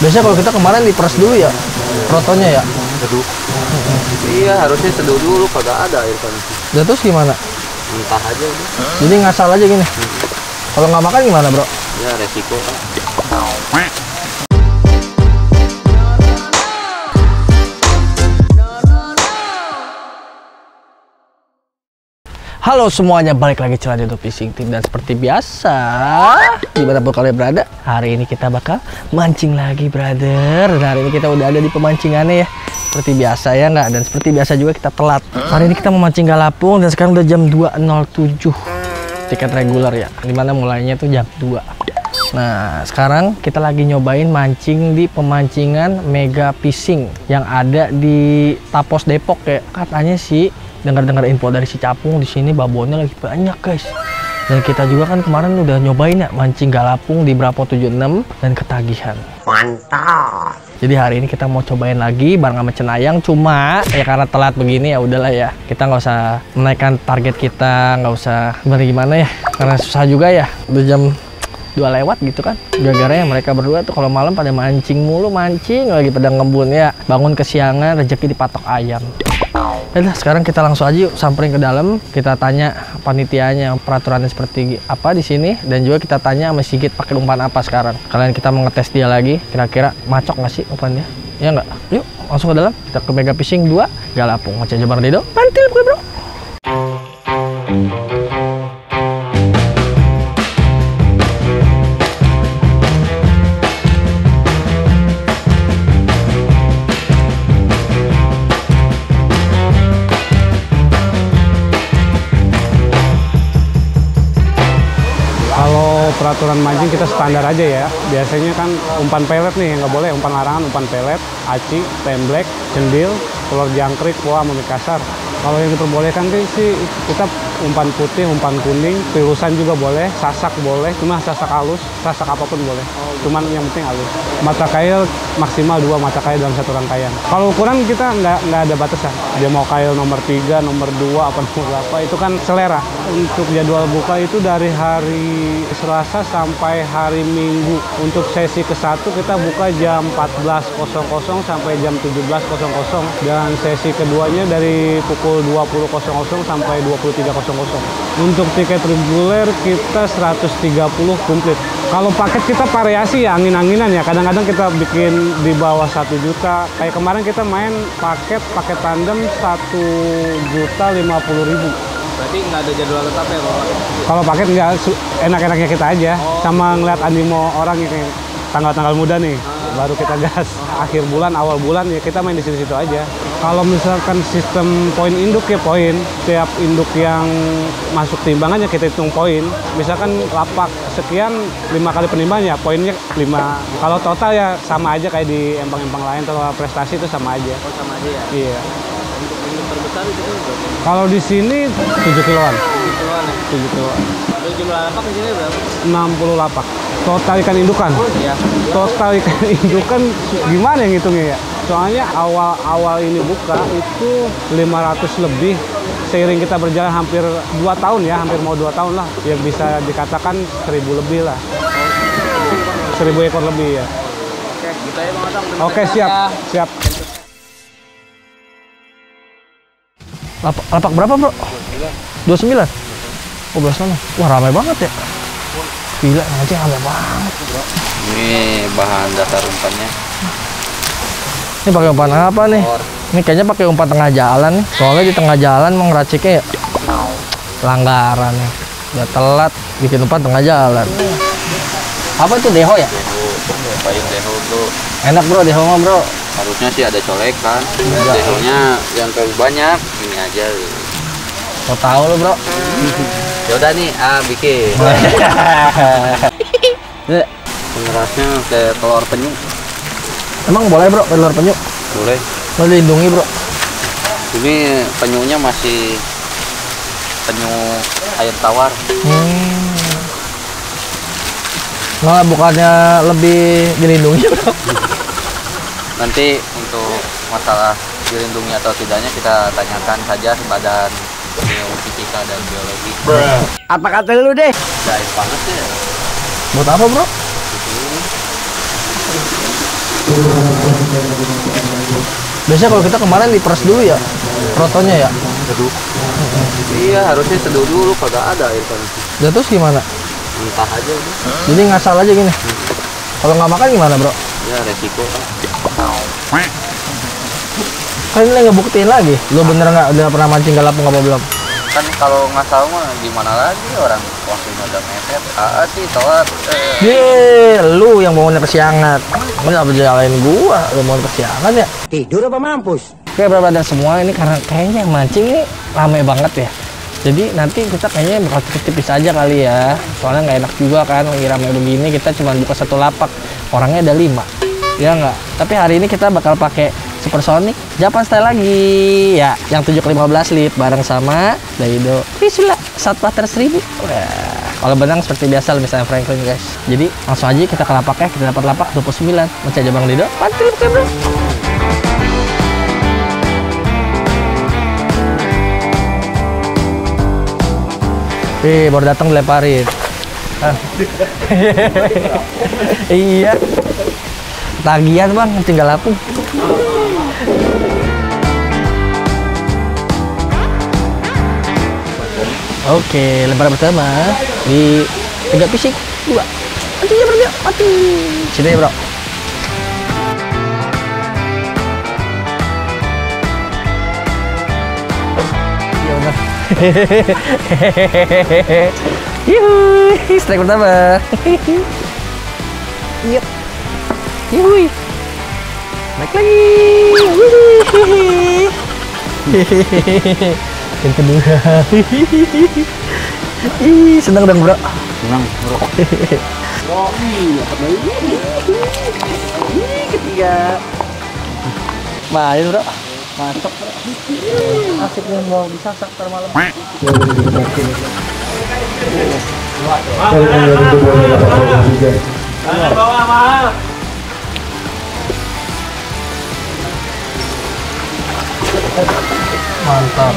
biasanya kalau kita kemarin diperes dulu ya rotonya ya seduh iya harusnya seduh dulu kagak ada air panas ya terus gimana entah aja jadi jadi ngasal aja gini hmm. kalau nggak makan gimana bro ya resiko kan Halo semuanya, balik lagi celana untuk Fishing Team dan seperti biasa di mana pun kalian berada, hari ini kita bakal mancing lagi, brother. Dan hari ini kita udah ada di pemancingannya ya, seperti biasa ya nggak. Dan seperti biasa juga kita telat. Hari ini kita memancing galapung dan sekarang udah jam 2.07 tiket reguler ya, dimana mulainya tuh jam 2. Nah, sekarang kita lagi nyobain mancing di pemancingan Mega Fishing yang ada di Tapos Depok ya. Katanya sih dengar-dengar info dari si capung di sini babonnya lagi banyak guys dan kita juga kan kemarin udah nyobain ya mancing galapung di Bravo 76 dan ketagihan mantap jadi hari ini kita mau cobain lagi bareng sama Cenayang cuma ya karena telat begini ya udahlah ya kita nggak usah menaikkan target kita nggak usah gimana gimana ya karena susah juga ya udah jam dua lewat gitu kan gara-gara ya mereka berdua tuh kalau malam pada mancing mulu mancing lagi pada ngebun ya bangun kesiangan rezeki dipatok ayam Yaudah sekarang kita langsung aja yuk samperin ke dalam kita tanya panitianya peraturannya seperti apa di sini dan juga kita tanya sama Sigit pakai umpan apa sekarang kalian kita mau ngetes dia lagi kira-kira macok nggak sih umpannya ya nggak yuk langsung ke dalam kita ke Mega Fishing dua, Galapung macam Jabar Dedo mantil gue bro ukuran mancing kita standar aja ya. Biasanya kan umpan pelet nih, nggak boleh umpan larangan, umpan pelet, aci, temblek, cendil, telur jangkrik, poa, mami kasar. Kalau yang diperbolehkan sih kita umpan putih, umpan kuning, pilusan juga boleh, sasak boleh, cuma sasak halus, sasak apapun boleh cuman yang penting halus mata kail maksimal dua mata kail dalam satu rangkaian kalau ukuran kita nggak nggak ada batasan ya. dia mau kail nomor tiga nomor dua apa nomor berapa itu kan selera untuk jadwal buka itu dari hari Selasa sampai hari Minggu untuk sesi ke satu kita buka jam 14.00 sampai jam 17.00 dan sesi keduanya dari pukul 20.00 sampai 23.00 untuk tiket reguler kita 130 komplit kalau paket kita variasi ya angin-anginan ya. Kadang-kadang kita bikin di bawah satu juta. Kayak kemarin kita main paket paket tandem satu juta lima puluh ribu. Berarti nggak ada jadwal tetap ya kalau paket? Kalau paket nggak enak-enaknya kita aja. Oh. Sama ngeliat animo orang ini tanggal-tanggal muda nih. Ah. Baru kita gas. Ah. Akhir bulan, awal bulan ya kita main di situ-situ aja. Kalau misalkan sistem poin induk ya poin, tiap induk yang masuk timbangannya kita hitung poin. Misalkan lapak sekian, lima kali penimbangan ya poinnya lima. Kalau total ya sama aja kayak di empang-empang lain, total prestasi itu sama aja. Oh sama aja ya? Iya. Untuk induk terbesar itu kan berapa? Kalau di sini tujuh kiloan. 7 kiloan ya? 7 kiloan. Dari jumlah lapak di sini berapa? puluh lapak. Total ikan indukan. Oh, iya. Total ikan indukan gimana yang hitungnya ya? soalnya awal-awal ini buka itu 500 lebih seiring kita berjalan hampir 2 tahun ya hampir mau 2 tahun lah ya bisa dikatakan 1000 lebih lah 1000 ekor lebih ya Oke siap siap lapak, lapak berapa bro? 29 29? Oh sana. wah ramai banget ya gila nanti ramai banget bro ini bahan dasar umpannya ini pakai umpan apa nih? Ini kayaknya pakai umpan tengah jalan. nih. Soalnya di tengah jalan mengraciknya ya langgaran. nih, Udah ya telat bikin umpan tengah jalan. Apa itu deho ya? Paling deho bro. Enak bro deho mah bro. Harusnya sih ada colekan. Ya. Dehonya yang terlalu banyak. Ini aja. Kau tahu lo bro. ya udah nih, ah bikin. Pengerasnya kayak telur penyu. Emang boleh bro penular penyu? Boleh. Boleh dilindungi bro. Ini penyunya masih penyu air tawar. Hmm. Nah, bukannya lebih dilindungi bro? Nanti untuk masalah dilindungi atau tidaknya kita tanyakan saja kepada fisika dan biologi. Bro. Apa kata lu deh? Jahit banget ya. Buat apa bro? Biasanya kalau kita kemarin diperas dulu ya rotonya ya. Seduh. Iya harusnya seduh dulu kagak ada air panas. Jatuh ya, terus gimana? Entah aja. Bro. Jadi ngasal aja gini. Kalau nggak makan gimana bro? Ya resiko kan. Kan ini ngebuktiin lagi. Lo bener nggak udah pernah mancing nggak apa belum? kan kalau nggak tahu mah gimana lagi orang waktunya udah mepet aa ah, sih telat eh. Ye, lu yang bangunnya kesiangan lu nggak berjalanin gua lu mau bangun siangat ya tidur apa mampus oke berapa dan semua ini karena kayaknya mancing ini rame banget ya jadi nanti kita kayaknya bakal tipis-tipis aja kali ya soalnya nggak enak juga kan lagi rame begini kita cuma buka satu lapak orangnya ada lima ya nggak tapi hari ini kita bakal pakai Supersonic Japan Style lagi ya yang 715 lip bareng sama Daido Visula saat pater 1000 Wah. Kalau benang seperti biasa misalnya Franklin guys jadi langsung aja kita ke lapaknya kita dapat lapak 29 mencari Bang Dido pantil bro Wih, eh, baru datang dileparin. Ah. iya. Tagihan bang, tinggal lapung. Oke, lebaran pertama di tegak fisik dua. Mati ya bro, ya. mati. Sini ya bro. Iya Yuhu, yang kedua Ih, senang dong bro senang bro ketiga main bro masuk bro asik nih mau bisa sakter malam Mantap.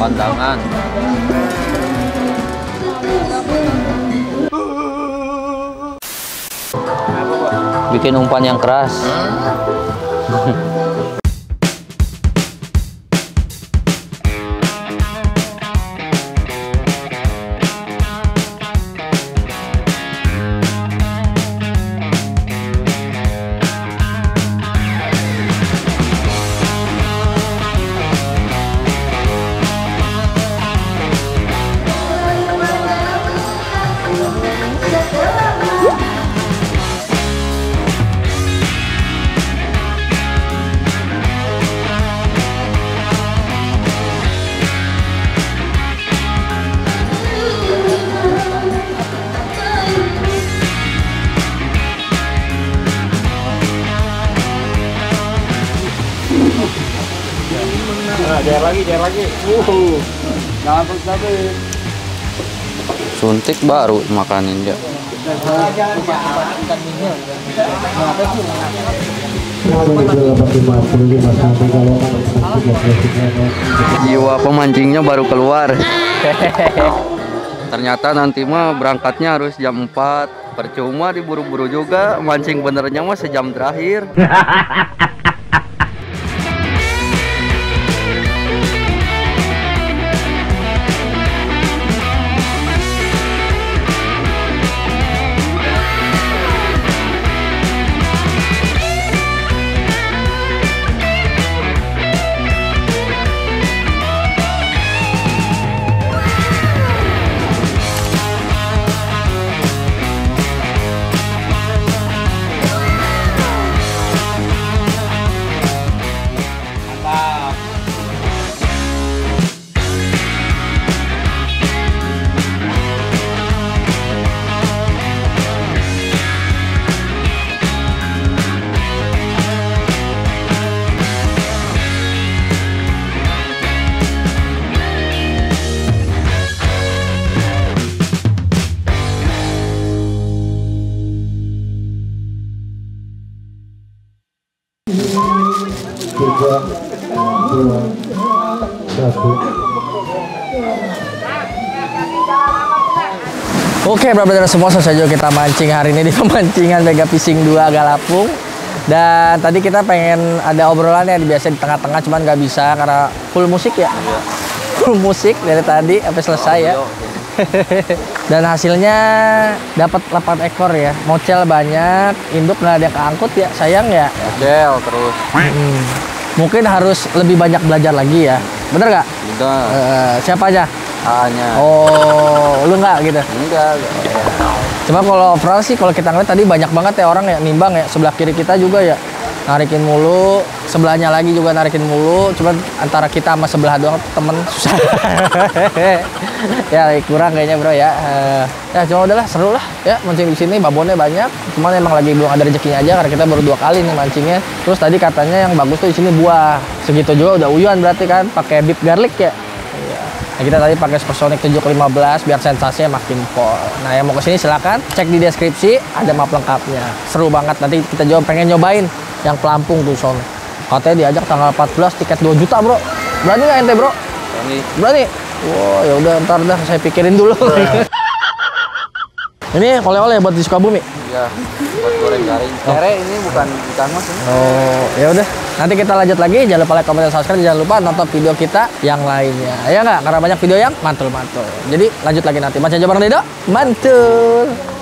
pandangan bikin umpan yang keras Suntik baru makanin dia. Jiwa pemancingnya baru keluar. Ternyata nanti mah berangkatnya harus jam 4 Percuma diburu-buru juga Mancing benernya mah sejam terakhir tiga dua satu Oke, brother semua selesai juga kita mancing hari ini di pemancingan Mega Fishing 2 Galapung. Dan tadi kita pengen ada obrolan ya biasa di tengah-tengah cuman nggak bisa karena full musik ya. Iya. Full musik dari tadi sampai selesai ya. dan hasilnya dapat 8 ekor ya mocel banyak induk nggak ada yang keangkut ya sayang ya mocel terus hmm. mungkin harus lebih banyak belajar lagi ya bener nggak bener uh, siapa aja hanya oh lu nggak gitu enggak cuma kalau operasi, kalau kita ngeliat tadi banyak banget ya orang ya nimbang ya sebelah kiri kita juga ya narikin mulu sebelahnya lagi juga narikin mulu cuman antara kita sama sebelah doang temen susah ya kurang kayaknya bro ya eh, ya cuma udahlah seru lah ya mancing di sini babonnya banyak cuman emang lagi belum ada rezekinya aja karena kita baru dua kali nih mancingnya terus tadi katanya yang bagus tuh di sini buah segitu juga udah uyuan berarti kan pakai bib garlic ya iya. Nah, kita tadi pakai Supersonic 715 biar sensasinya makin pol. Nah, yang mau kesini silahkan cek di deskripsi, ada map lengkapnya. Seru banget, nanti kita juga pengen nyobain yang pelampung tuh sono katanya diajak tanggal 14 tiket 2 juta bro berani nggak ente bro berani berani wow ya udah ntar dah saya pikirin dulu iya. ini oleh-oleh buat di Sukabumi iya buat goreng garing kere oh. ini bukan ikan mas ini. oh ya udah nanti kita lanjut lagi jangan lupa like comment dan subscribe jangan lupa nonton video kita yang lainnya ya nggak karena banyak video yang mantul mantul jadi lanjut lagi nanti macam jawaban Dedo mantul